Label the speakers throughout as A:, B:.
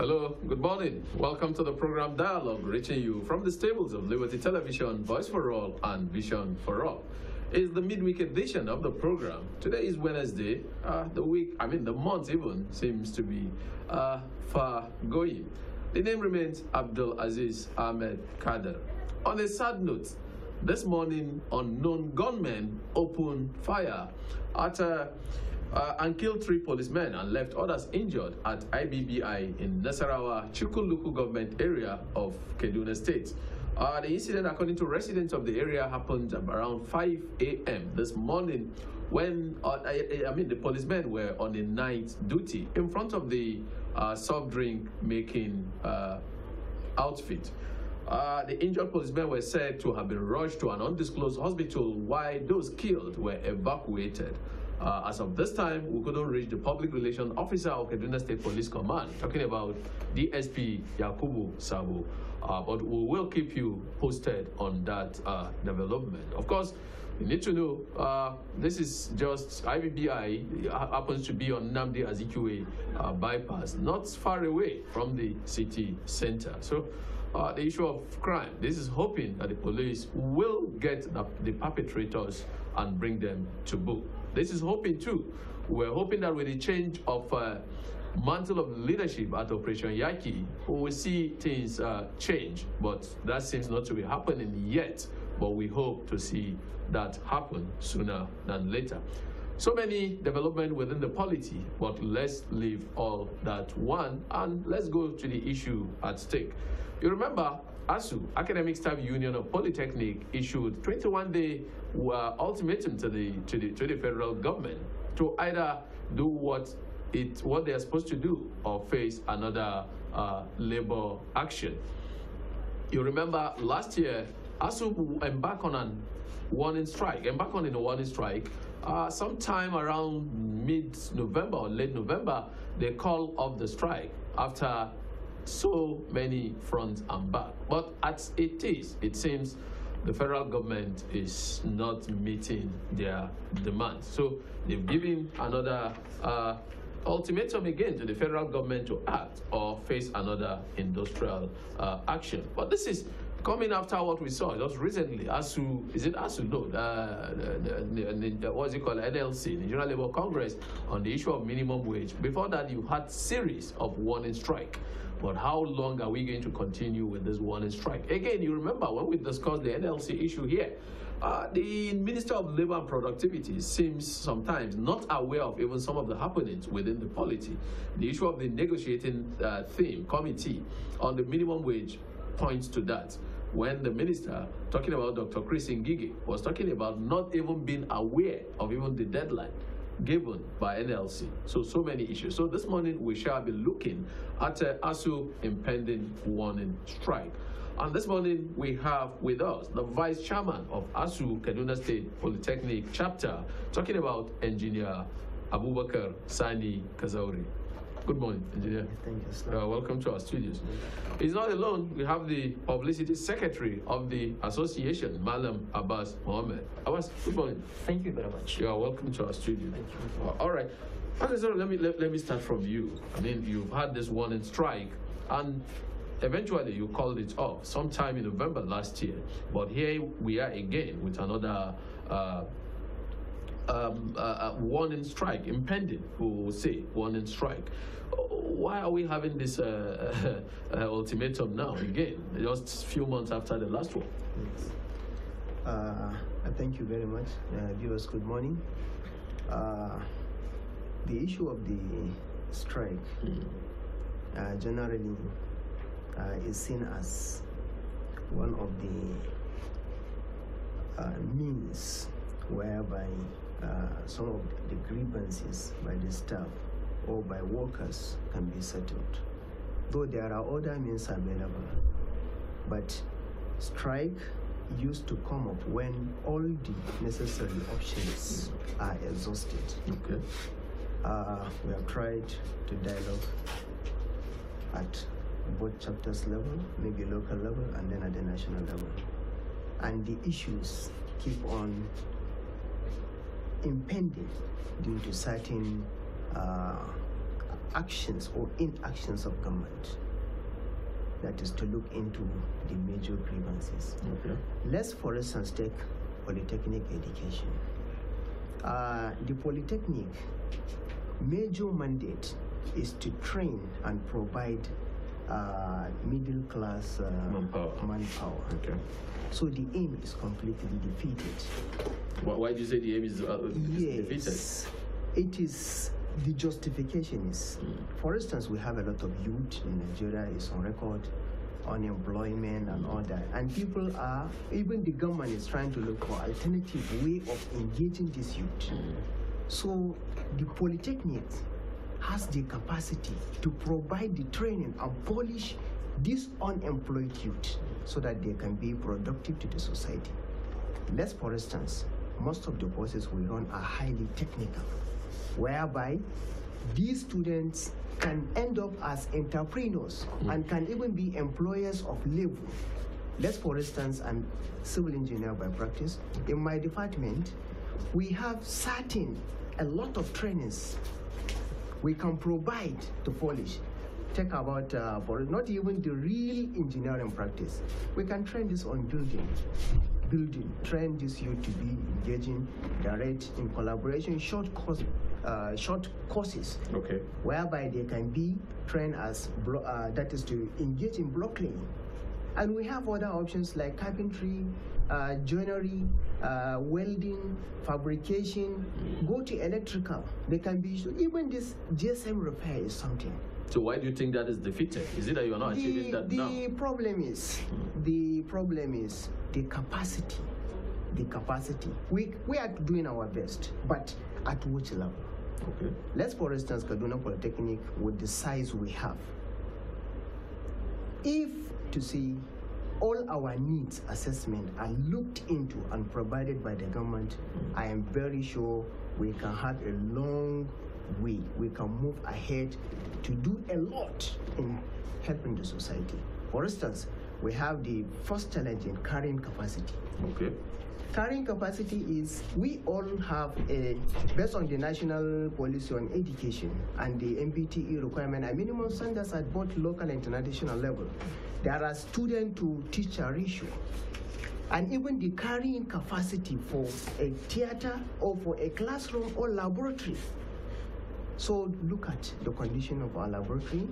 A: Hello, good morning. Welcome to the program Dialogue, reaching you from the stables of Liberty Television, Voice for All, and Vision for All. It's the midweek edition of the program. Today is Wednesday. Uh, the week, I mean the month even, seems to be uh, far going. The name remains Abdul Aziz Ahmed Kader. On a sad note, this morning, unknown gunmen opened fire at a uh, and killed three policemen and left others injured at IBBI in Nasarawa Chukuluku government area of Kaduna State. Uh, the incident, according to residents of the area, happened around 5 a.m. this morning when, uh, I, I, mean, the policemen were on a night duty in front of the uh, soft drink making uh, outfit. Uh, the injured policemen were said to have been rushed to an undisclosed hospital while those killed were evacuated. Uh, as of this time, we couldn't reach the public relations officer of Kaduna State Police Command, talking about DSP Yakubu Sabu. Uh, but we will keep you posted on that uh, development. Of course, you need to know uh, this is just IBBI happens to be on Namdi Azikiwe uh, bypass, not far away from the city center. So. Uh, the issue of crime. This is hoping that the police will get the, the perpetrators and bring them to book. This is hoping too. We're hoping that with the change of uh, mantle of leadership at Operation Yaki, we will see things uh, change. But that seems not to be happening yet. But we hope to see that happen sooner than later. So many development within the polity, but let's leave all that one and let's go to the issue at stake. You remember ASU, Academic Staff Union of Polytechnic, issued 21-day were ultimatum to the, to the, to the federal government to either do what, it, what they are supposed to do or face another uh, labor action. You remember last year, ASU embarked on a warning strike, embarked on a warning strike. Uh, sometime around mid-November or late November, they called off the strike after so many fronts and back. But as it is, it seems the federal government is not meeting their demands. So they've given another uh, ultimatum again to the federal government to act or face another industrial uh, action. But this is coming after what we saw just recently. ASU, is it ASU? No, uh, uh, uh, uh, what's it called? NLC, General Labour Congress, on the issue of minimum wage. Before that, you had series of warning strike. But how long are we going to continue with this warning strike? Again, you remember when we discussed the NLC issue here, uh, the Minister of Labor and Productivity seems sometimes not aware of even some of the happenings within the polity. The issue of the negotiating uh, theme committee on the minimum wage points to that when the minister, talking about Dr. Chris Ngigi was talking about not even being aware of even the deadline given by NLC. So, so many issues. So this morning we shall be looking at uh, ASU impending warning strike. And this morning we have with us the Vice Chairman of ASU Kaduna State Polytechnic Chapter talking about Engineer Abubakar Sani Kazauri. Good morning, engineer. Thank you, sir. Uh, welcome to our studios. He's not alone. We have the publicity secretary of the association, Malam Abbas Mohammed. Abbas, good morning. Thank you very much. You are welcome to our studio. Thank you. Uh, all right. Okay, let me let, let me start from you. I mean, you've had this warning strike, and eventually you called it off sometime in November last year. But here we are again with another uh, um, uh, uh, warning strike impending, we will say, warning strike. Why are we having this uh, uh ultimatum now again, just a few months after the last one? Yes.
B: Uh, thank you very much. viewers, good morning. the issue of the strike mm. generally is seen as one of the uh, means whereby uh, some of the grievances by the staff or by workers can be settled. Though there are other means available, but strike used to come up when all the necessary options are exhausted. Okay. Uh, we have tried to dialogue at both chapters level, maybe local level, and then at the national level. And the issues keep on impended due to certain uh, actions or inactions of government. That is to look into the major grievances. Okay. Let's, for instance, take polytechnic education. Uh, the polytechnic major mandate is to train and provide uh, middle class uh, manpower. manpower. Okay. So the aim is completely defeated.
A: Why, why do you say the aim is, uh, yes, defeated?
B: It is the justification is, mm. for instance, we have a lot of youth in Nigeria It's on record, unemployment and all that, and people are, even the government is trying to look for alternative way of engaging this youth. Mm. So the polytechnics has the capacity to provide the training, and polish these unemployed youth so that they can be productive to the society. Let's, for instance, most of the courses we run are highly technical, whereby these students can end up as entrepreneurs mm. and can even be employers of labor. Let's, for instance, I'm civil engineer by practice. In my department, we have certain, a lot of trainings we can provide to polish. Take about uh, not even the real engineering practice. We can train this on building. Building, train this youth to be engaging, direct in collaboration, short course, uh, short courses. Okay. Whereby they can be trained as, uh, that is to engage in blocking, And we have other options like carpentry, uh, joinery, uh, welding, fabrication, go to electrical. They can be used. Even this GSM repair is something.
A: So why do you think that is defeated? Is it that you are not the, achieving that the now? The
B: problem is, the problem is the capacity, the capacity. We, we are doing our best, but at which level? Okay. Let's, for instance, Kaduna Polytechnic, with the size we have, if to see all our needs assessment are looked into and provided by the government, I am very sure we can have a long way. We can move ahead to do a lot in helping the society. For instance, we have the first challenge in carrying capacity. Okay. Carrying capacity is we all have a, based on the national policy on education and the MBTE requirement and minimum standards at both local and international level, there are student to teacher ratio. And even the carrying capacity for a theater or for a classroom or laboratory. So look at the condition of our laboratory,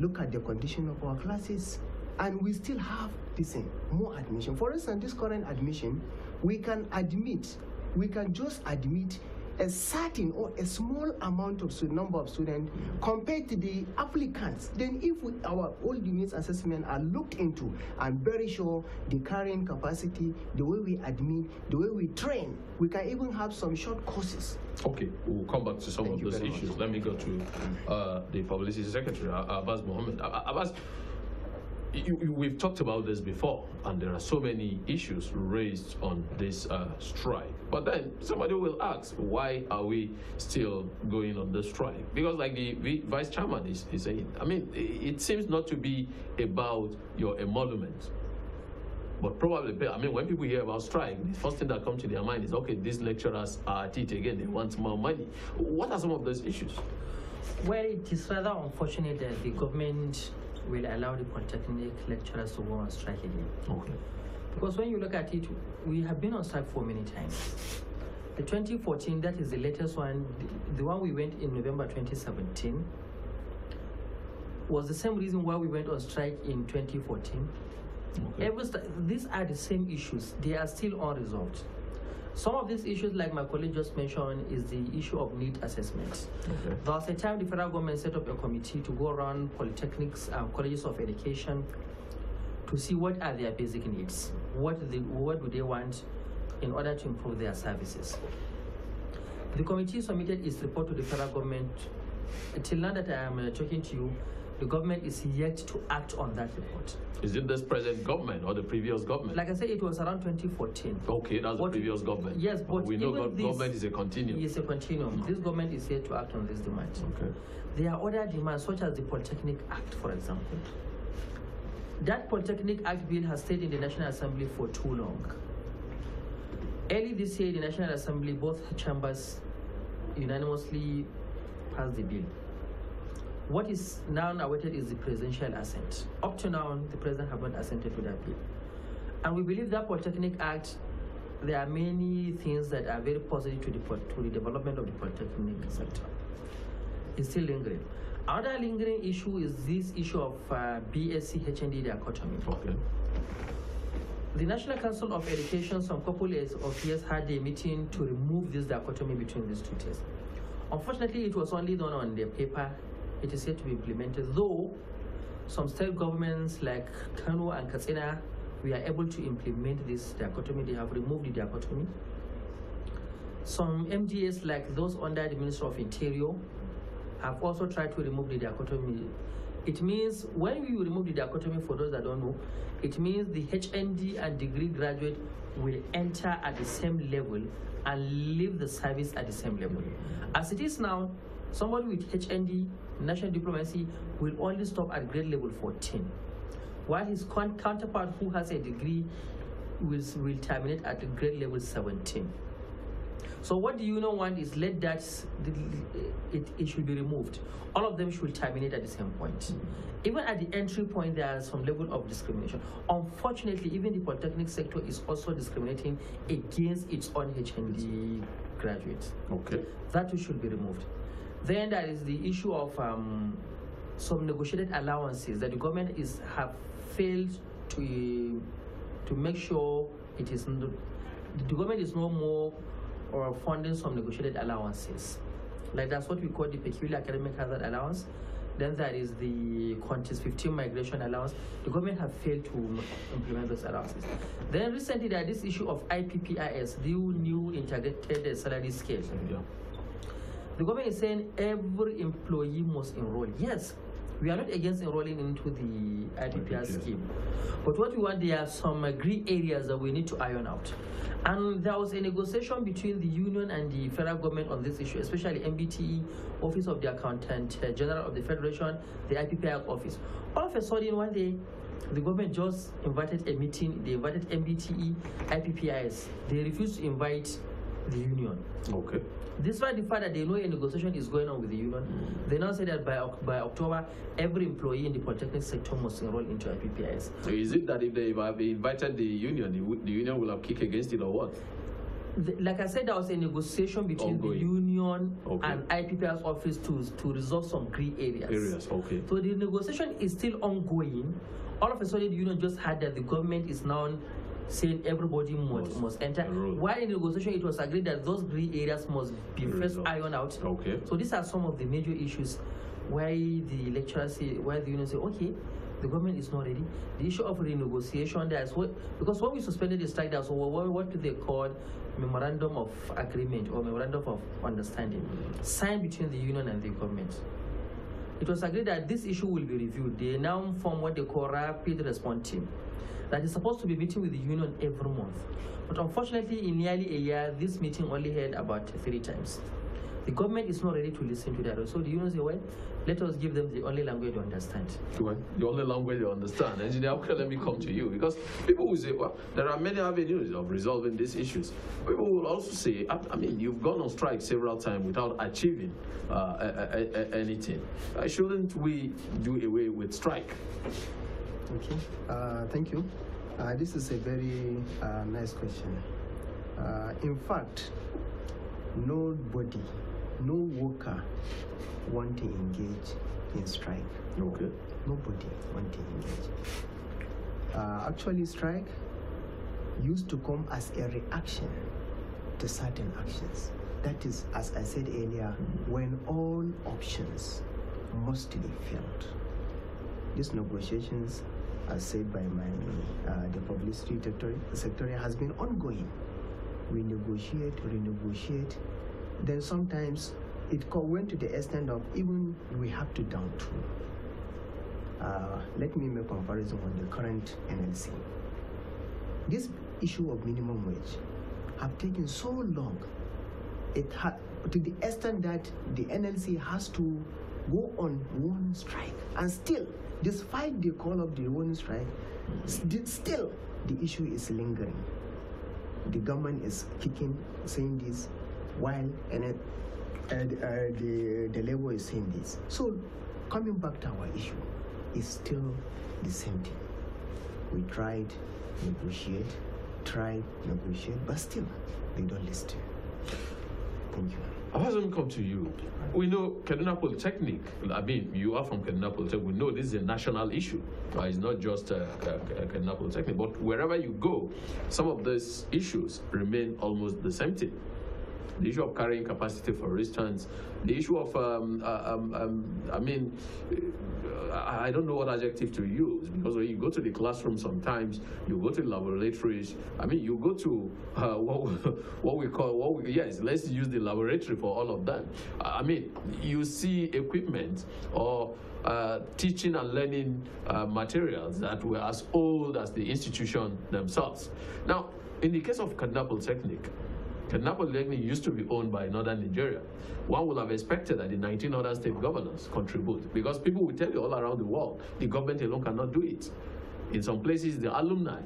B: look at the condition of our classes, and we still have this thing, more admission. For instance, this current admission, we can admit, we can just admit a certain or a small amount of student, number of students compared to the applicants, then if we, our old units assessment are looked into, I'm very sure the carrying capacity, the way we admit, the way we train, we can even have
A: some short courses. Okay, we'll come back to some Thank of those issues. Much. Let me go to uh, the publicity secretary, Abbas Mohammed. Abbas, you, we've talked about this before, and there are so many issues raised on this uh, strike. But then somebody will ask, why are we still going on the strike? Because like the, vice chairman is, is saying, I mean, it, it seems not to be about your emolument. But probably, I mean, when people hear about strike, the first thing that comes to their mind is, okay, these lecturers are at it again. They want more money. What are some of those issues?
C: Well, it is rather unfortunate that the government will allow the polytechnic lecturers to go on strike again. Okay. Because when you look at it, we have been on strike for many times. The 2014, that is the latest one, the, the one we went in November 2017, was the same reason why we went on strike in 2014. Okay. Every, these are the same issues. They are still unresolved. Some of these issues, like my colleague just mentioned, is the issue of need assessments. Okay. There was a time the federal government set up a committee to go around polytechnics and um, colleges of education to see what are their basic needs, what, the they, what do they want in order to improve their services. The committee submitted its report to the federal government. Till now that I am uh, talking to you, the government is yet to act on that report.
A: Is it this present government or the previous government? Like I
C: said, it was around 2014.
A: Okay, that's what, the previous government. Yes,
C: but we know this, government is a continuum. It's a continuum. Mm. This government is yet to act on this demand. Okay. There are other demands, such as the Polytechnic Act, for example. That Polytechnic Act bill has stayed in the National Assembly for too long. Early this year, the National Assembly, both chambers unanimously passed the bill. What is now awaited is the presidential assent. Up to now, the president has not assented to that bill. And we believe that Polytechnic Act, there are many things that are very positive to the, to the development of the Polytechnic sector. It's still lingering. Another lingering issue is this issue of uh, BSc HND dichotomy problem. The National Council of Education some couple of years had a meeting to remove this dichotomy between these two tests. Unfortunately, it was only done on the paper it is yet to be implemented, though some state governments like Kano and Katsina, we are able to implement this dichotomy. They have removed the dichotomy. Some MDAs like those under the Minister of Interior have also tried to remove the dichotomy. It means when we remove the dichotomy, for those that don't know, it means the HND and degree graduate will enter at the same level and leave the service at the same level. As it is now, Somebody with HND, national diplomacy, will only stop at grade level 14, while his counterpart who has a degree will, will terminate at grade level 17. So what the you want is let that, it, it should be removed. All of them should terminate at the same point. Mm -hmm. Even at the entry point, there is some level of discrimination. Unfortunately, even the polytechnic sector is also discriminating against its own HND graduates. Okay. That should be removed. Then there is the issue of um, some negotiated allowances that the government is have failed to to make sure it is the government is no more or uh, funding some negotiated allowances. Like that's what we call the peculiar academic hazard allowance. Then there is the Qantas 15 migration allowance. The government have failed to implement those allowances. Then recently there is this issue of IPPIS, the new integrated salary scale. Yeah. The government is saying every employee must enroll. Yes, we are not against enrolling into the IPPR scheme. But what we want, there are some gray areas that we need to iron out. And there was a negotiation between the union and the federal government on this issue, especially MBTE, Office of the Accountant uh, General of the Federation, the IPPR office. All of a sudden, one day, the government just invited a meeting, they invited MBTE, IPPIS. They refused to invite the union. Okay. Despite the fact that they know a negotiation is going on with the union, they now say that by, by October, every employee in the polytechnic sector must enroll into a So is
A: it that if they have invited the union, the union will have kicked against it or what?
C: like I said, there was a negotiation between Ongoing. the union okay. and IPPS office to, to resolve some gray areas. Areas, okay. So the negotiation is still ongoing. All of a sudden, the union just had that the government is now Saying everybody must, must, enter. While in negotiation, it was agreed that those grey areas must be first ironed out. Okay. So these are some of the major issues why the lecturers say, why the union say, okay, the government is not ready. The issue of renegotiation, that's what, because when we suspended the strike, there was what, what do they call memorandum of agreement or memorandum of understanding signed between the union and the government? It was agreed that this issue will be reviewed. They now form what they call rapid response team that is supposed to be meeting with the union every month. But unfortunately, in nearly a year, this meeting only held about three times. The government is not ready to listen to that. So the union say, well, let us give them the only language they understand.
A: Well, the only language they understand. Engineer, okay, let me come to you. Because people will say, well, there are many avenues of resolving these issues. People will also say, I, I mean, you've gone on strike several times without achieving uh, a, a, a, anything. Uh, shouldn't we do away with strike?
B: Okay, uh, thank you. Uh, this is a very uh, nice question. Uh, in fact, nobody, no worker want to engage in strike. Okay. Nobody want to engage. Uh, actually, strike used to come as a reaction to certain actions. That is, as I said earlier, when all options mostly failed. These negotiations as uh, said by my, uh, the publicity sector has been ongoing. We negotiate, renegotiate. Then sometimes it went to the extent of even we have to down tool. Uh, let me make comparison with the current NLC. This issue of minimum wage have taken so long. It had to the extent that the NLC has to go on one strike and still despite the call of the own strike, st still the issue is lingering. The government is kicking, saying this, while and it, uh, the, the labor is saying this. So coming back to our issue, it's still the same thing. We tried, negotiate, tried, negotiate, but still they don't listen.
A: Thank you. How has it come to you? We know Kaduna Polytechnic. I mean, you are from Kaduna Polytechnic. We know this is a national issue. Uh, it's not just uh, Kaduna Polytechnic. But wherever you go, some of these issues remain almost the same thing the issue of carrying capacity, for instance, the issue of, um, uh, um, um, I mean, uh, I don't know what adjective to use because when you go to the classroom sometimes, you go to laboratories. I mean, you go to uh, what, what we call, what we, yes, let's use the laboratory for all of that. I mean, you see equipment or uh, teaching and learning uh, materials that were as old as the institution themselves. Now, in the case of Kanda Polytechnic, Kadnapo Polytechnic used to be owned by northern Nigeria. One would have expected that the 19 other state governors contribute because people will tell you all around the world the government alone cannot do it. In some places, the alumni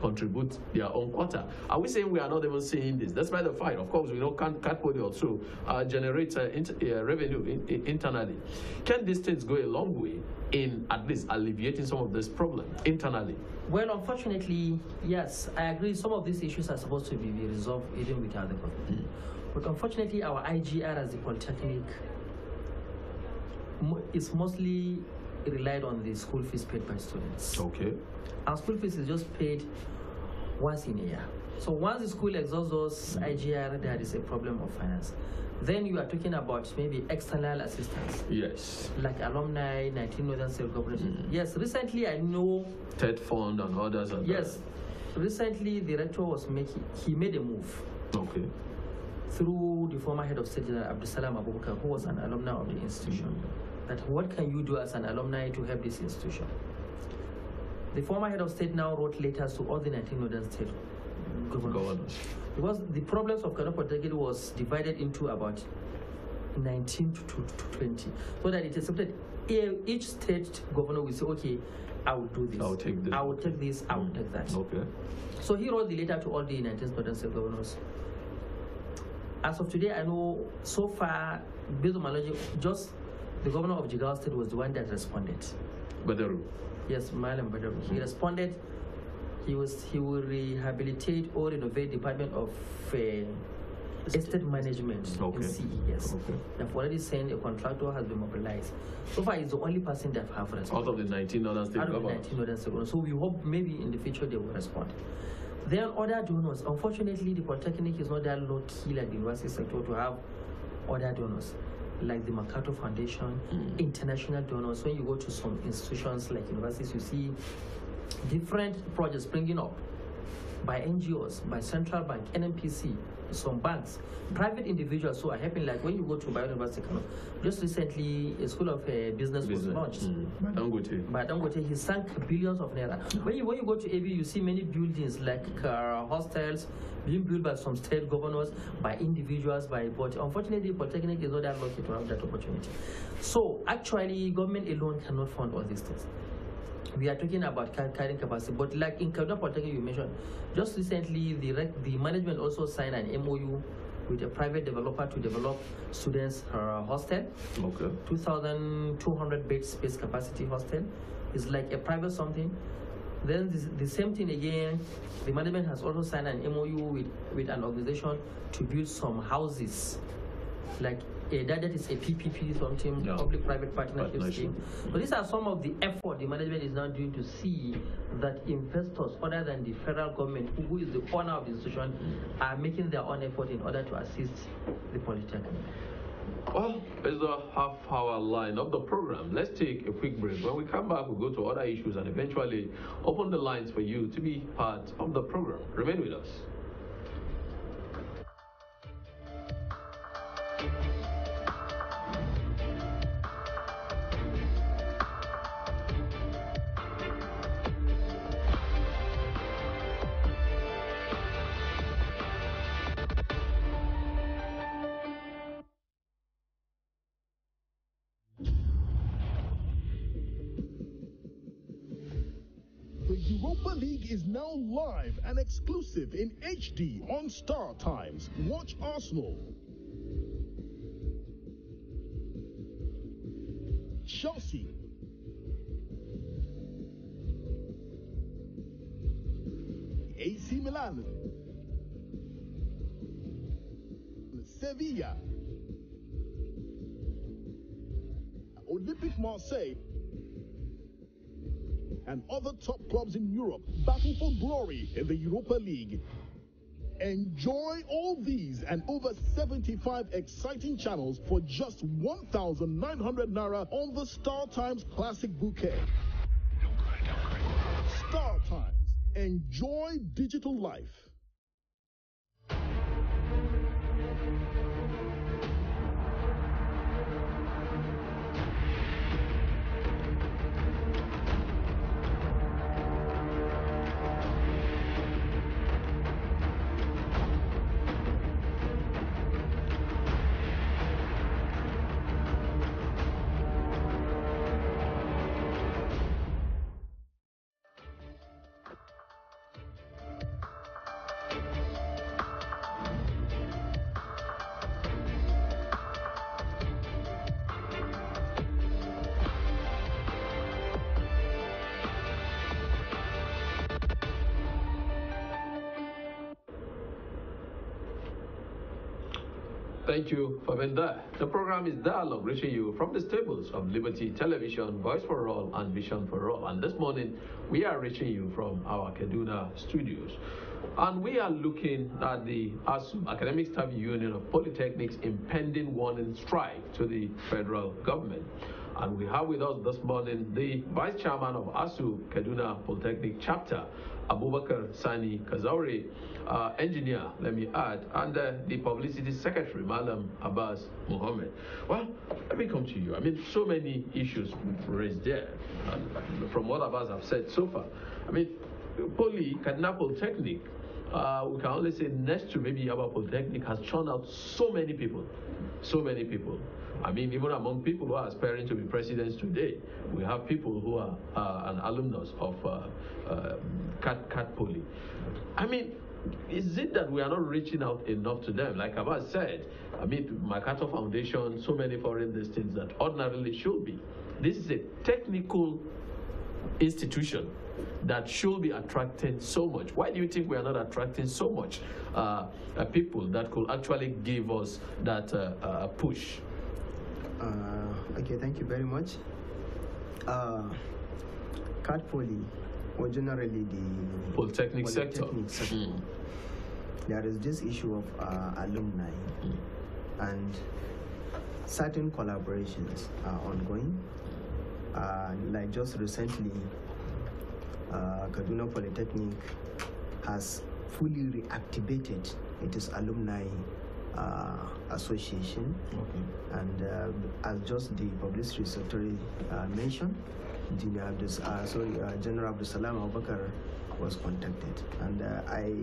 A: contribute their own quota. Are we saying we are not even seeing this? That's by the fact, of course, we know can not also uh, generate uh, uh, revenue in, in, internally. Can these things go a long way in at least alleviating some of this problem internally? Well, unfortunately,
C: yes, I agree. Some of these issues are supposed to be resolved even with other government. Mm. But unfortunately, our IGR as the Polytechnic is mostly relied on the school fees paid by students. Okay. Our school fees is just paid once in a year. So once the school exhausts those mm. IGR, there is a problem of finance. Then you are talking about maybe external assistance. Yes. Like alumni, 19 Northern Corporation. Mm Yes, recently I know...
A: TED Fund and others. And yes.
C: That. Recently the rector was making, he made a move. Okay. Through the former head of state, General Abdusalam Abubakar, who was an alumni of the institution. Mm that what can you do as an alumni to help this institution? The former head of state now wrote letters to all the 19 northern state governors. Because the problems of Kanopo Degil was divided into about 19 to, to 20, so that it is accepted each state governor will say, okay, I will do this. I will take this. I will take this. I will take that. Okay. So he wrote the letter to all the 19 northern state governors. As of today, I know so far, based on my logic, just the governor of Jigawa State was the one that responded. Badaru? Yes, Malam Badaru. Mm He hmm. responded. He was he will rehabilitate or renovate Department of uh, estate management okay. in Okay. They've already sent a contractor has been mobilized. So far, he's the only person that have responded. Out of the 19 other state Out of the 19 other state So we hope maybe in the future they will respond. There are other donors. Unfortunately, the Polytechnic is not that low key like the university sector to have other donors like the MacArthur Foundation, mm. international donors. When you go to some institutions like universities, you see different projects springing up by NGOs, by central bank, NMPC, some banks. Private individuals who are helping, like when you go to Biodiversity Kano, just recently a school of uh, business, business, was launched. Mm. Dangote. By Dangote, he sank billions of naira. When you, when you go to AB, you see many buildings like uh, hostels being built by some state governors, by individuals, by but unfortunately, Polytechnic is not that lucky to have that opportunity. So actually, government alone cannot fund all these things. We are talking about carrying capacity. But like in Kaduna Polytechnic, you mentioned, just recently the, the management also signed an MOU with a private developer to develop students' uh, hostel. Okay. 2,200 bed space capacity hostel. It's like a private something. Then this, the same thing again, the management has also signed an MOU with, with an organization to build some houses, like Eh, a, that is a PPP something, yeah. public-private partnership, partnership So these are some of the effort the management is now doing to see that investors other than the federal government, who is the owner of the institution, are making their own effort in order to assist the Polytechnic.
A: Well, it's the half hour line of the program. Let's take a quick break. When we come back, we'll go to other issues and eventually open the lines for you to be part of the program. Remain with us.
C: live and exclusive in HD on Star Times. Watch Arsenal.
A: Chelsea.
B: AC Milan.
A: Sevilla. Olympic Marseille and other top clubs in Europe battle for glory in the Europa League. Enjoy all these and over 75 exciting channels for just 1,900 Naira on the Star Times Classic Bouquet. Don't cry, don't cry. Star Times. Enjoy digital life. Thank you, Favinda. The program is Dialogue, reaching you from the stables of Liberty Television, Voice for All, and Vision for All. And this morning, we are reaching you from our Kaduna studios. And we are looking at the ASU, Academic Staff Union of Polytechnics, impending warning strike to the federal government. And we have with us this morning the Vice Chairman of ASU Kaduna Polytechnic Chapter, Abubakar Sani Kazauri, uh, engineer, let me add, and uh, the publicity secretary, Malam Abbas Mohammed. Well, let me come to you. I mean, so many issues raised there, and from what Abbas have said so far. I mean, poly kidnapping technique. Uh, we can only say next to maybe Yaba Polytechnic has churned out so many people, so many people. I mean, even among people who are aspiring to be presidents today, we have people who are uh, an alumnus of uh, uh, Cat, Poly. I mean, is it that we are not reaching out enough to them? Like I've said, I mean, Makato Foundation, so many foreign destinies that ordinarily should be. This is a technical institution that should be attracting so much. Why do you think we are not attracting so much uh, uh, people that could actually give us that uh, uh
B: push? Uh, okay, thank you very much. Uh, poly, or generally the polytechnic, polytechnic sector, sector. Mm. there is this issue of uh, alumni mm. and certain collaborations are ongoing. Uh, like just recently, uh, Kaduna Polytechnic has fully reactivated its alumni uh, Association. Okay. And uh, as just the publicity secretary uh, mentioned, uh, uh, General Abdul Salam Abubakar was contacted. And uh, I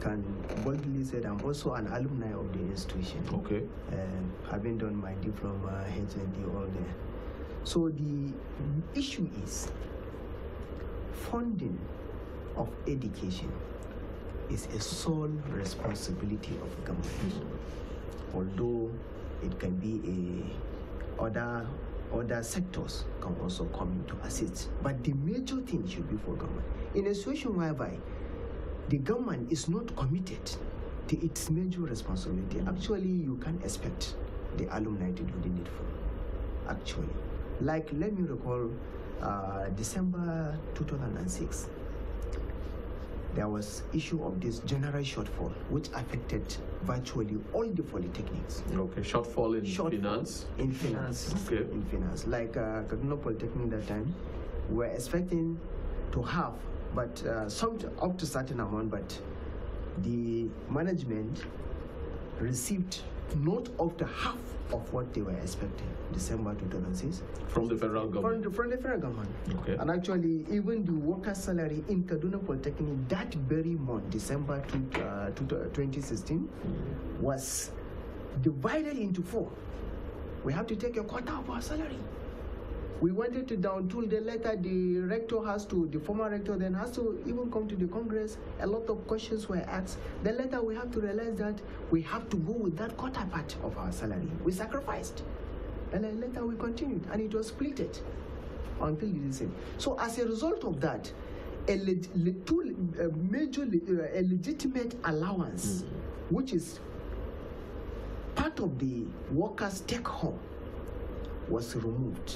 B: can boldly say that I'm also an alumni of the institution. Okay. Uh, having done my diploma, HND, all there. So the issue is funding of education is a sole responsibility of government although it can be a other other sectors can also come in to assist. But the major thing should be for government. In a situation whereby the government is not committed to its major responsibility, actually you can expect the alumni to do the needful, actually. Like, let me recall uh, December 2006, there was issue of this general shortfall, which affected virtually all the polytechnics. Okay, shortfall in shortfall finance? In finance. Okay. In finance. Like uh, Kaduna Polytechnic that time, we were expecting to have, but uh, some up to certain amount, but the management received not of the half of what they were expecting, December 2006. From the federal government? From, from the federal government. Okay. And actually, even the worker salary in Kaduna Polytechnic that very month, December to, uh, to 2016, was divided into four. We have to take a quarter of our salary. We wanted to down tool the letter. The rector has to, the former rector then has to even come to the Congress. A lot of questions were asked. The letter we have to realize that we have to go with that quarter part of our salary. We sacrificed. And then later we continued and it was split until it is So as a result of that, a, leg, two, a major, uh, a legitimate allowance, mm -hmm. which is part of the workers' take home, was removed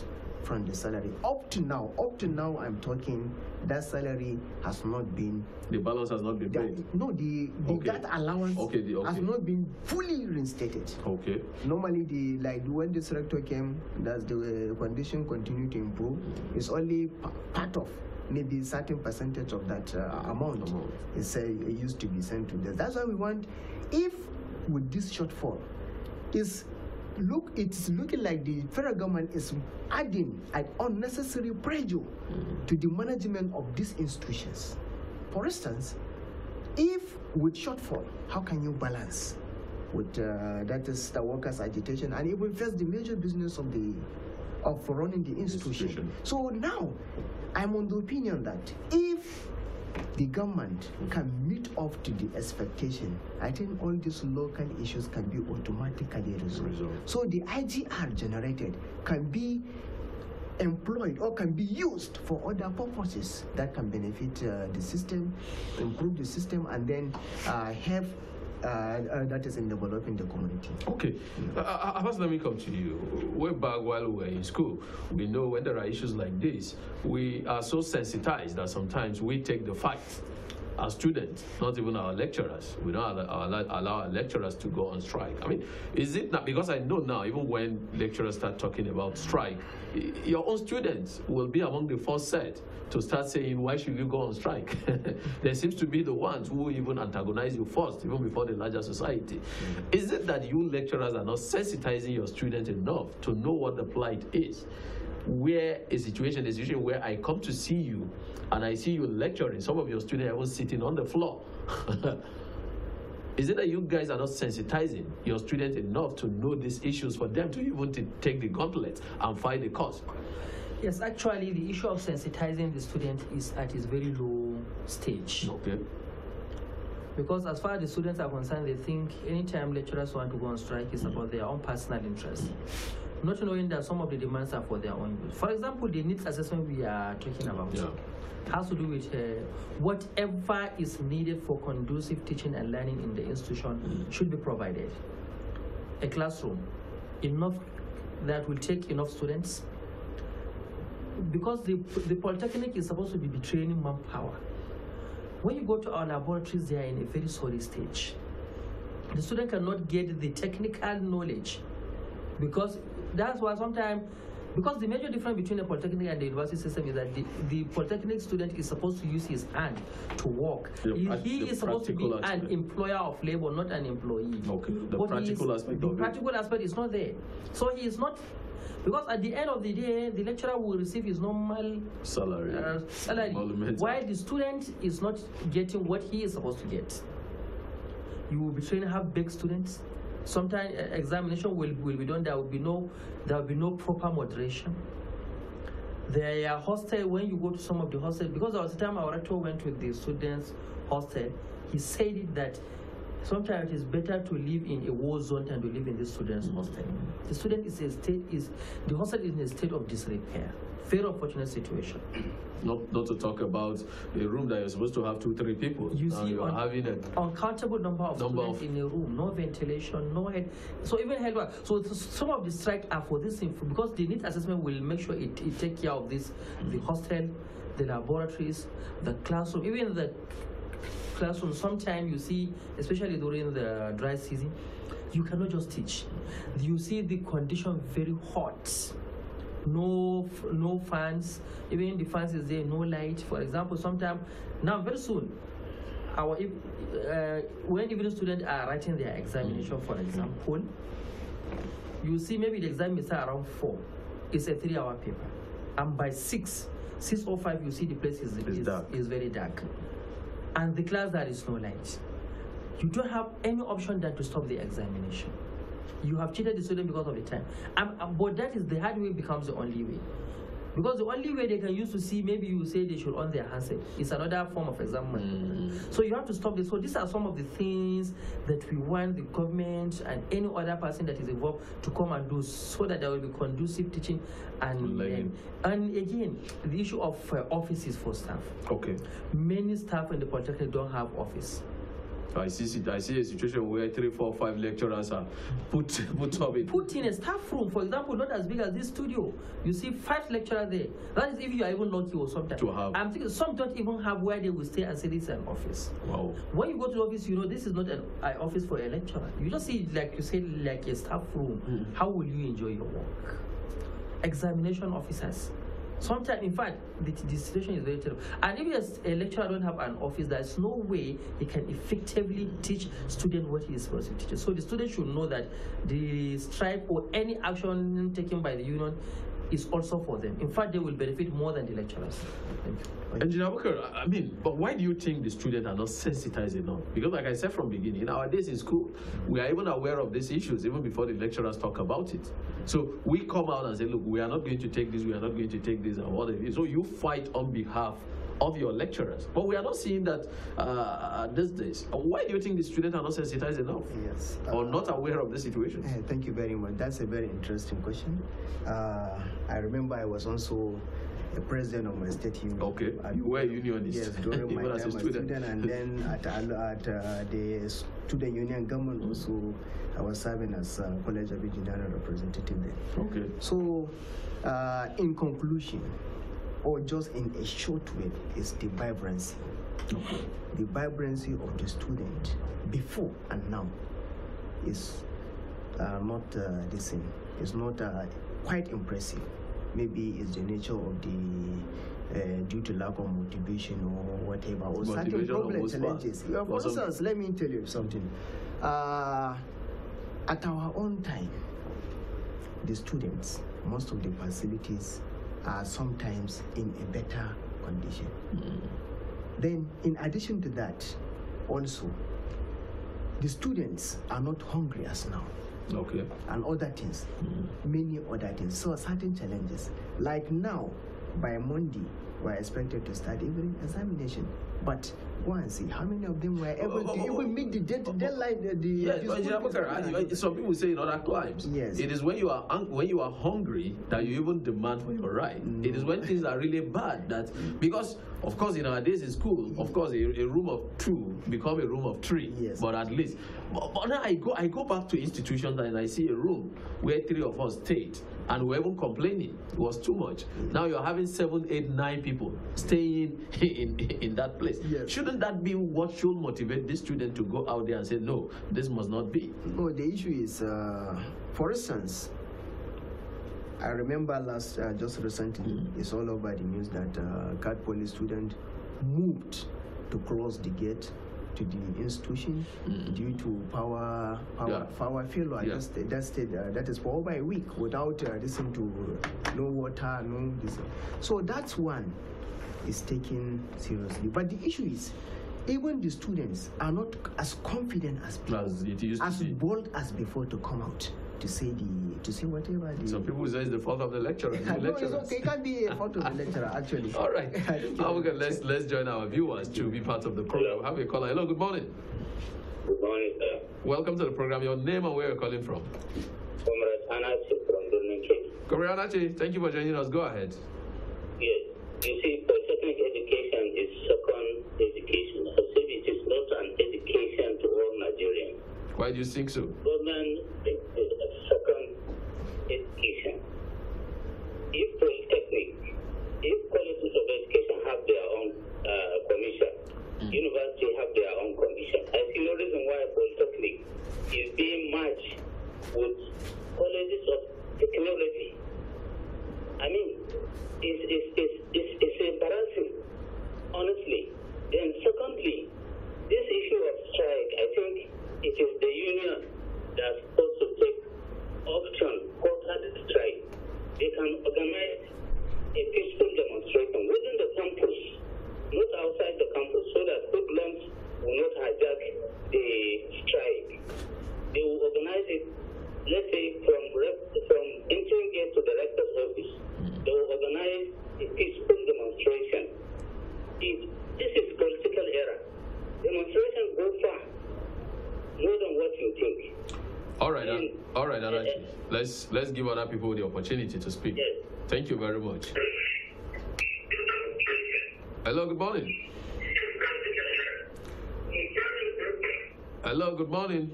B: from the salary. Up to now, up to now, I'm talking that salary has not been.
A: The balance has not been paid.
B: no, the, the okay. that allowance okay, the, okay. has not been fully reinstated. Okay. Normally, the like when the director came, does the uh, condition continue to improve? It's only part of maybe certain percentage of that uh, amount oh. is uh, used to be sent to them. That's why we want, if with this shortfall, is look, it's looking like the federal government is adding an unnecessary pressure mm. to the management of these institutions. For instance, if with shortfall, how can you balance with uh, that is the workers' agitation and even face the major business of the of running the institution. institution. So now, I'm on the opinion that if the government can meet up to the expectation, I think all these local issues can be automatically resolved. resolved. So the IGR generated can be employed or can be used for other purposes that can benefit uh, the system, improve the system, and then uh, have uh, uh, that is in developing the community.
A: Okay. Yeah. Mm. Uh, first, uh, let me come to you. Way back while we were in school, we know when there are issues like this, we are so sensitized that sometimes we take the fight our students, not even our lecturers. We don't allow, allow our lecturers to go on strike. I mean, is it not, because I know now, even when lecturers start talking about strike, your own students will be among the first set to start saying, why should you go on strike? they seems to be the ones who even antagonize you first, even before the larger society. Mm -hmm. Is it that you lecturers are not sensitizing your students enough to know what the plight is? where a situation, is usually where I come to see you and I see you lecturing. Some of your students are sitting on the floor. Is it that you guys are not sensitizing your students enough to know these issues for them to even to take the gauntlet and fight the cause?
C: Yes, actually, the issue of sensitizing the student is at its very low stage. Okay. Because as far as the students are concerned, they think anytime lecturers want to go on strike, it's mm about their own personal interest not knowing that some of the demands are for their own use. For example, the needs assessment we are talking about yeah. has to do with uh, whatever is needed for conducive teaching and learning in the institution mm. should be provided. A classroom, enough that will take enough students. Because the, the polytechnic is supposed to be training manpower. When you go to our laboratories, they are in a very sorry stage. The student cannot get the technical knowledge because that's why sometimes because the major difference between the polytechnic and the university system is that the, the polytechnic student is supposed to use his hand to work. he, he is supposed to be aspect. an employer of labor, not an employee. Okay, the but practical aspect The practical it. aspect is not there. So he is not, because at the end of the day, the lecturer will receive his normal salary, uh, salary while the student is not getting what he is supposed to get. You will be training to have big students, Sometimes eh, examination will, will be done. There will be no there will be no proper moderation. There are hostel when you go to some of the hostels because at the time our rector went with the students hostel, he said that Sometimes it is better to live in a war zone than to live in this students' mm. hostel. The student is a state is the hostel is in a state of disrepair. Very unfortunate
A: situation. Not, not to talk about a room that you're supposed to have two, three people. You see, you're having an uncountable number of number students
C: of in a room. No ventilation, no head. So even head work. So some of the strike are for this because the need assessment will make sure it, it take care of this, the hostel, the laboratories, the classroom, even the classroom, sometimes you see, especially during the dry season, you cannot just teach. You see the condition very hot. No, no fans. Even the fans is there, no light. For example, sometimes now very soon, our uh, when even students are writing their examination, for example, you see maybe the exam is around four. It's a three-hour paper, and by six, six or five, you see the place is is, is very dark and class there is no light, you don't have any option than to stop the examination. You have cheated the student because of the time. Um, um but that is the hard way becomes the only way. Because the only way they can use to see, maybe you say they should own their handset. It's another form of exam mm. So you have to stop this. So these are some of the things that we want the government and any other person that is involved to come and do so that there will be conducive teaching and learning. And, again, the issue of uh, offices for staff. Okay. Many staff in the project don't have office.
A: I see, I see a situation where three, four, five lecturers are put, put
C: up in. Put in a staff room, for example, not as big as this studio. You see five lecturers there. That is if you are even lucky or sometimes. To have. I'm thinking some don't even have where they will stay and say this is an office. Wow. When you go to the office, you know this is not an, an office for a lecturer. You just see, like you say, like a staff room. Mm. How will you enjoy your work? Examination officers Sometimes, in fact, the, the, situation is very terrible. And if a lecturer don't have an office, there's no way he can effectively teach student what he is supposed to teach. So the student should know that the strike or any action taken by the union is also for them. In fact, they will benefit more than the lecturers.
A: Engineer Booker, I mean, but why do you think the students are not sensitized enough? Because like I said from beginning, nowadays in school, we are even aware of these issues even before the lecturers talk about it. So we come out and say, look, we are not going to take this, we are not going to take this, and what So you fight on behalf of your lecturers. But we are not seeing that uh, uh, these days. Why do you think the students are not sensitized enough? Yes. Uh, or not aware of the situation? Eh, thank you
B: very much. That's a very interesting question. Uh, I remember I was also the president of my state union. Okay,
A: you were unionist. Yes, during my time as a student. student and then at,
B: at uh, the student union government mm -hmm. also, I was serving as uh, College of Engineering representative there. Okay. So, uh, in conclusion, or just in a short way, is the vibrancy. The vibrancy of the student before and now is uh, not uh, the same. It's not uh, quite impressive. Maybe it's the nature of the uh, due to lack of motivation or whatever, or certain challenges. for instance, let me tell you something. Uh, at our own time, the students, most of the facilities are sometimes in a better condition. Mm. Then, in addition to that, also, the students are not hungry as now. Okay. And other things, mm. many other things. So, certain challenges. Like now, by Monday, we're expected to start even examination. But once, how many of them were able to oh, oh, even oh, meet the dead. to The, the, yes, the
A: some people say in other climes. Yes. It is when you are when you are hungry that you even demand for your right. Mm. It is when things are really bad that because of course in our days in school, of course a, a room of two become a room of three. Yes. But at least, but, but now I go I go back to institutions and I see a room where three of us stayed and we were even complaining. It was too much. Now you're having seven, eight, nine people staying in, in, that place. Yes. Shouldn't that be what should motivate this student to go out there and say, no, this must not be? No, the issue is, uh,
B: for instance, I remember last, uh, just recently, mm it's all over the news that uh, Cat Police student moved to cross the gate to the institution mm. due to power power, yeah. power failure. Yeah. Just, that, uh, that is for over a week without uh, listening to uh, no water, no this. So that's one is taken seriously. But the issue is, even the students are not as confident as before, as, as bold as before to come out to
A: say the to say whatever the. So people say it's the fault of the lecturer. The no, it's okay. It can't be a
B: fault of the lecturer actually. All
A: right. okay, let's let's join our viewers to be part of the program. Hello. Have a caller. Hello. Good morning. Good morning, sir. Welcome to the program. Your name and where you're calling from. Comrade Anachi from Durnichi. Comrade thank you for joining us. Go ahead. Yes. You see, polytechnic education is second education. I said it is not an education to all Nigerians. Why do you think so? Government
C: Let's say from, from entering to the rector's office. They organise a peaceful demonstration. It, this is political error. Demonstrations go far, more than what you think.
A: All right, and, uh, all right, all right. Let's let's give other people the opportunity to speak. Yes. Thank you very much. Hello, good morning. Hello, good morning.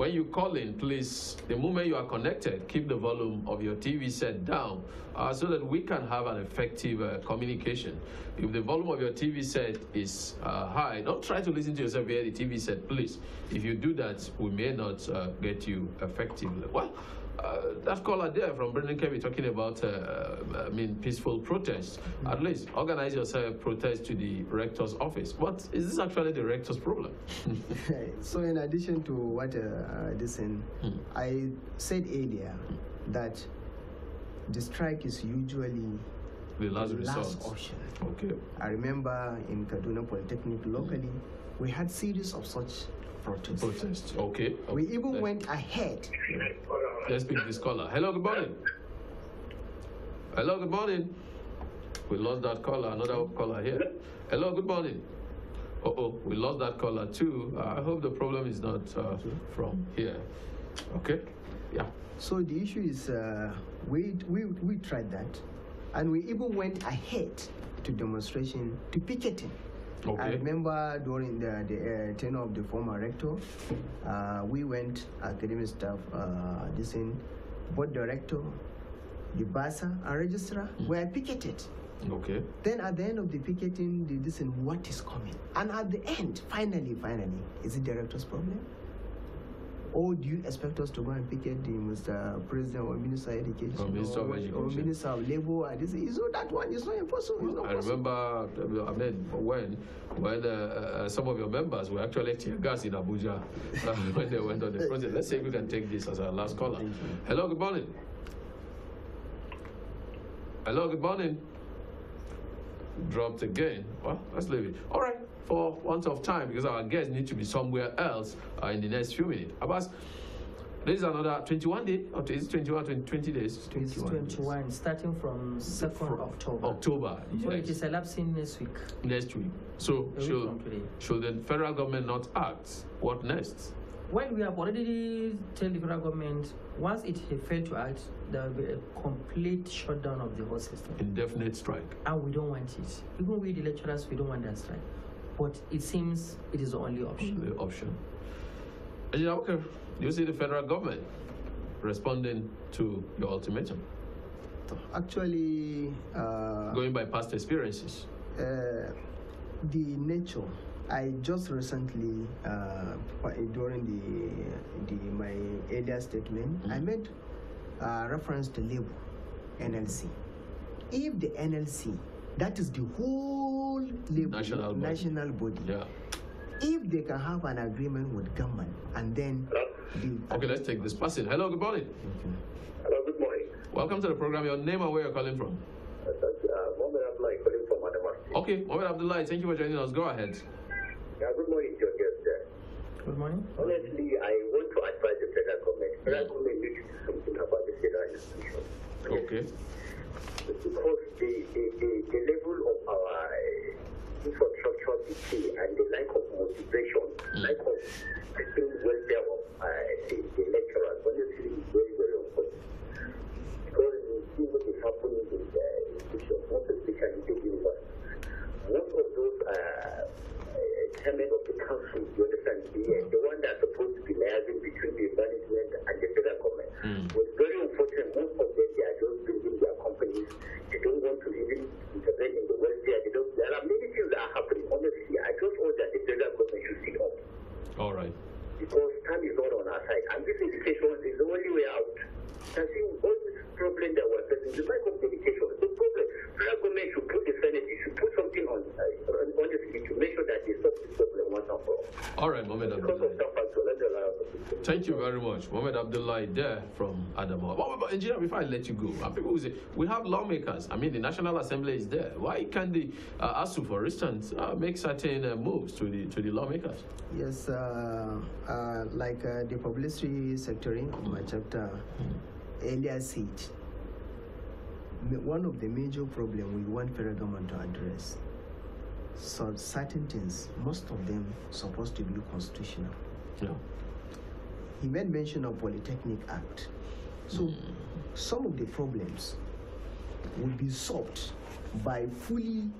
A: When you call in, please, the moment you are connected, keep the volume of your TV set down uh, so that we can have an effective uh, communication. If the volume of your TV set is uh, high, don't try to listen to yourself via the TV set, please. If you do that, we may not uh, get you effectively. Well, uh, that caller there from Brendan Kirby talking about, uh, uh, I mean, peaceful protests. Mm -hmm. At mm-hmm. least organize yourself, protest to the rector's office. What is this actually the rector's problem?
B: so in addition to what uh, mm. I said earlier mm. that the strike is usually
A: the last, the last option.
B: Okay. I remember in Kaduna Polytechnic locally,
A: we had series of such protest. Protest, okay. okay. We even Let's went ahead. Let's pick this caller. Hello, good morning. Hello, good morning. We lost that caller, another caller here. Hello, good morning. Uh-oh, we lost that caller too. Uh, I hope the problem is not uh, from here.
B: Okay, yeah. So the issue is uh, we, we, we tried that and we even went ahead to demonstration to picketing. Okay. I remember during the, the uh, tenure of the former rector, uh, we went academic staff, uh, this in board director, the bursa, and registrar mm. were picketed. Okay. Then at the end of the picketing, they listen what is coming. And at the end, finally, finally, is it the rector's problem? or oh, do you expect us to go and picket the Mr. President or Minister of Education or Minister of, Or Minister of Labor? And this is so that one It's not impossible. It's not I possible.
A: remember I mean, when when uh, uh some of your members were actually tear gas in Abuja uh, when they went on the project. Let's see if we can take this as our last caller. Hello, good morning. Hello, good morning. Dropped again. Well, let's leave it. All right for want of time because our guests need to be somewhere else uh, in the next few minutes. Abbas, uh, is another 21 days, or is it 21, 20, 20 days? 21,
C: 21 days. starting from 2nd from
A: October. October. So it is
C: elapsing next week.
A: Next week. So should, should the federal government not act? What next?
C: Well, we have already told the federal government once it failed to act, there will be a complete shutdown of the whole system. Indefinite strike. And we don't want it. Even we, the lecturers, we don't want that strike but it seems
A: it is the only option. The option. you you see the federal government responding to your ultimatum.
B: Actually, uh, going
A: by past experiences.
B: Uh, the nature. I just recently, uh, during the, the my earlier statement, mm -hmm. I mm-hmm. made uh, reference to labor, NLC. If the NLC that is the whole labor, national, national body. Yeah. If they can have an agreement with government and then...
A: Okay, let's take this person. Hello, good morning. Okay. Hello, good morning. Welcome to the program. Your name and where you're calling from? Uh, uh, okay, Mohamed Abdullahi calling Okay, Mohamed thank you for joining us. Go ahead. Yeah, good morning, your guest. Good morning. Honestly, I want to advise the federal government.
C: Federal government needs to do something about
B: the federal institution. Okay. okay because the, the, the, the level of our uh, infrastructure decay and the lack of motivation, mm. lack
C: of seeing welfare of uh, the, the lecturers, honestly, is very, very unfortunate. Because we see what is happening in the institution most especially the university. Most of those uh, uh, chairmen of the council, you understand, the, the one that's supposed to be liaising between the management and the federal government, mm.
A: was very very much. Mohamed Abdullah there from Adamawa. What about engineer? Before I let you go, and people will say we have lawmakers. I mean, the National Assembly is there. Why can't the uh, ASU, for instance, uh, make certain uh, moves to the to the lawmakers?
B: Yes, uh, uh, like uh, the publicity secretary of my chapter hmm. earlier said, one of the major problems we want federal government to address so certain things, most of them supposed to be constitutional. Yeah. He made mention of Polytechnic Act. So mm. some of the problems will be solved by fully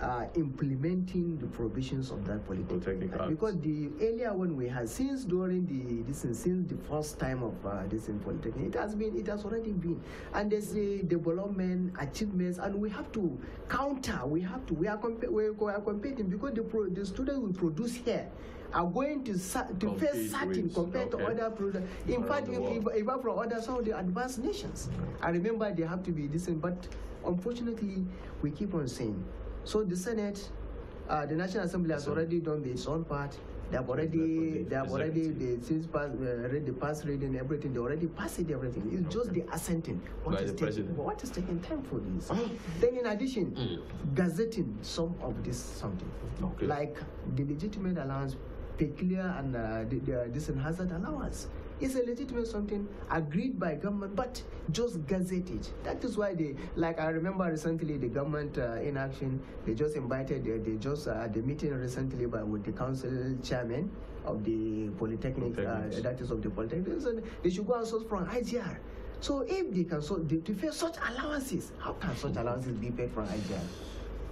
B: uh, implementing the provisions of that Polytechnic Act. Because the earlier one we had, since during the this since the first time of uh, this in Polytechnic, it has been it has already been, and there's the development achievements, and we have to counter. We have to we are, comp we are competing because the, the students will produce here are going to, to face certain compared okay. to other products. In fact, even from other some of the advanced nations, I remember they have to be decent, but unfortunately, we keep on saying. So the Senate, uh, the National Assembly has so, already done its own part. They have already, they have already, they since pass, uh, read the past reading everything. They already passed it everything. It's okay. just the assenting. What By is taking, president. what is taking time for this? Ah. then in addition, mm. gazetting some of this something okay. like the legitimate allowance Clear and uh, the, the, this hazard allowance. It's a legitimate something agreed by government, but just gazetted. That is why they, like I remember recently, the government uh, in action, they just invited, they, they just uh, the meeting recently by, with the council chairman of the polytechnic, uh, that is of the polytechnic, so they should go and source from IGR. So if they can so they, to pay such allowances, how can such allowances be paid from IGR?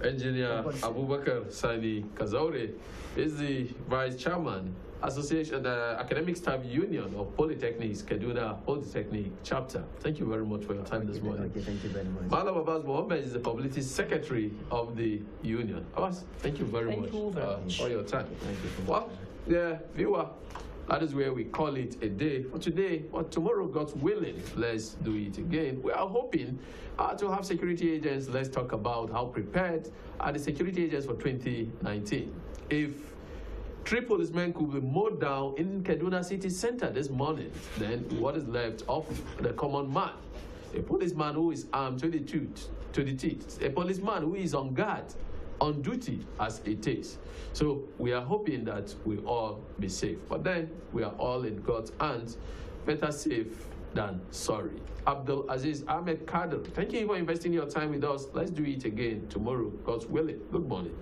A: Engineer Abubakar Sadi Kazaure is the vice chairman, Association, the uh, Academic Staff Union of Polytechnics, Kaduna Polytechnic Chapter. Thank you very much for your time thank this you, morning. Okay, thank you very much. Malam Abbas Mohammed is the Publicity Secretary of the Union. Abbas, thank you very thank much you very uh, much. for your time. Thank you. Well, yeah, viewer, that is where we call it a day for today. But tomorrow, God willing, let's do it again. We are hoping uh, to have security agents. Let's talk about how prepared are the security agents for 2019. If three policemen could be mowed down in Kaduna city center this morning, then what is left of the common man? A policeman who is armed to the tooth, to the teeth, a policeman who is on guard, on duty as it is. So we are hoping that we all be safe. But then we are all in God's hands. Better safe than sorry. Abdul Aziz Ahmed Kader, thank you for investing your time with us. Let's do it again tomorrow, God's willing. Good morning.